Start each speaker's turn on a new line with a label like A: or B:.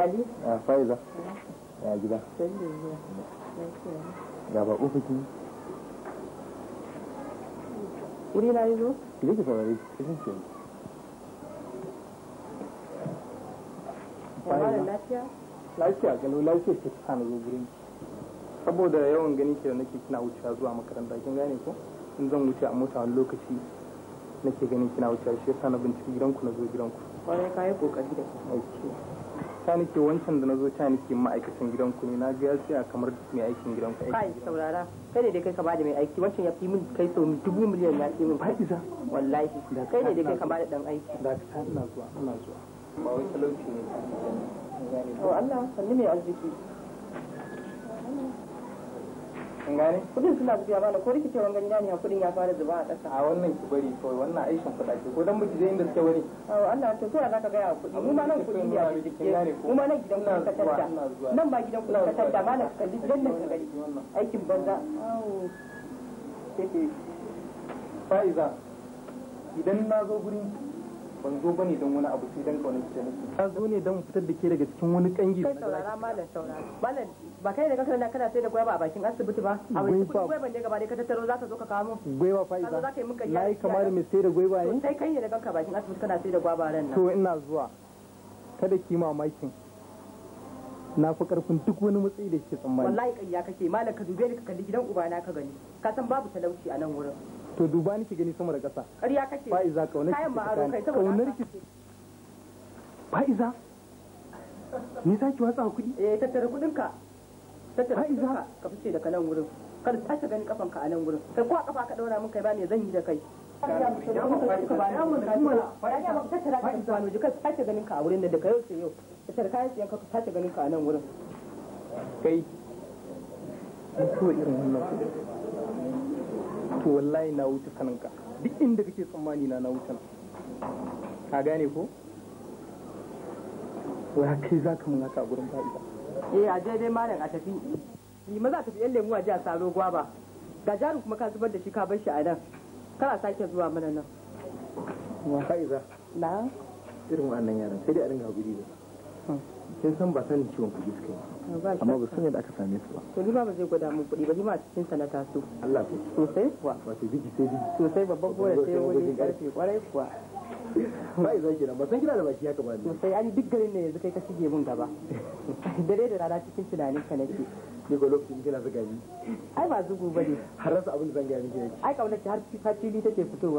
A: Ali? Saboda yawan gani ke da nake kina zuwa makaranta kin gane ko? In zan wuce a mota wani lokaci nake ganin kina shi yasa na binciki gidanku na zo gidanku. Kwarai ka kokari da kai. ta nake wancan da na zo ta nake ma'aikacin gidan ku ne na ga ya tsaya kamar mai aikin gidanku aiki kai saurara kai ne dai kai ka bada mai aiki wancan ya fi min kai sau dubu miliyan ya fi min fa'iza wallahi kai ne dai kai ka bada dan aiki da ka ina zuwa ina zuwa ba wai talauci ne to Allah sanni mai arziki kin gane kudin suna tafiya ba ko rikice wani gani ne kudin ya fara zuba a ƙasa a wannan ki bari kawai wannan aishin kuɗa ce ko dan miji zai inda suke wani a Allah to sai zaka ga ya kudi mu ma nan kuɗi ya kudi mu ma nan gidan kudi ka tada nan ba gidan kudi ka tadda malam ka kalli jannan ka gari aikin banza fa'iza idan na zo gurin ban zo bane don wani abu sai dan kaunar ki nake ka zo ne don fitar da ke daga cikin wani kangi kai saurara
B: malam saurara malam ba kai da kanka na kana sai da gwaiba a bakin asibiti ba a wani kuma gwaiban ne gaba dai ka tattaro zaka zo ka kawo mu gwaiba fa iza zaka yi min kariya nayi kamar mai
A: sai da gwaiba ne sai
B: kai ne da kanka bakin asibiti kana sai da gwaiba ran nan
A: to ina zuwa kada ki mamakin na fi karfin duk wani matsayi da ke tsammani wallahi
B: ƙarya kake malam ka dube ni ka kalli gidan ubana ka gani ka san babu talauci a
A: nan wurin to duba ni ki gani sama da ƙasa ƙarya
B: kake fa'iza kaunar ki kayan kai kaunar ki
A: fa'iza ni za ki watsa
B: kuɗi eh tattara kuɗin ka tattara kuɗin ka ka fice daga nan wurin kada ta tashi gani kafanka a nan wurin kai ko a kafa ka daura min kai ba me zan yi da kai sace ganin ka a wurin da ka yau sai yau kayan ka ganin ka a nan
A: wurin kai mutuwa irin wannan to wallahi na wuce saninka duk inda kake tsammani na na wuce ka gane ko wai kai za ka mun haka a gurin fa'ida
B: eh a dai malam a tafi ni maza tafi yan lemu a ji a saro gwaba ga jarin kuma ka zubar da shi ka bar shi a nan kala a sake zuwa mana nan wa na
A: irin wannan yaran sai dai a dinga hakuri hmm. da kin san ba sanin ciwon kuɗi suka yi amma ba san yadda aka same su ba to ni
B: ba ba zai gwada mun kuɗi ba ni ma cikin sa na taso Allah ku sosai kuwa wato biki sai biki sosai babban bola sai wani karfe kwarai kuwa bai zaki na ba san kina da baki haka ba ne sai ani duk garin ne yanzu kai ka shige mun gaba dare da rana cikin tunanin ka nake ni ko lokacin kina zuga ni ai ba zugu bane har rasa abin zan ga ni ai kaunar har fili take fitowa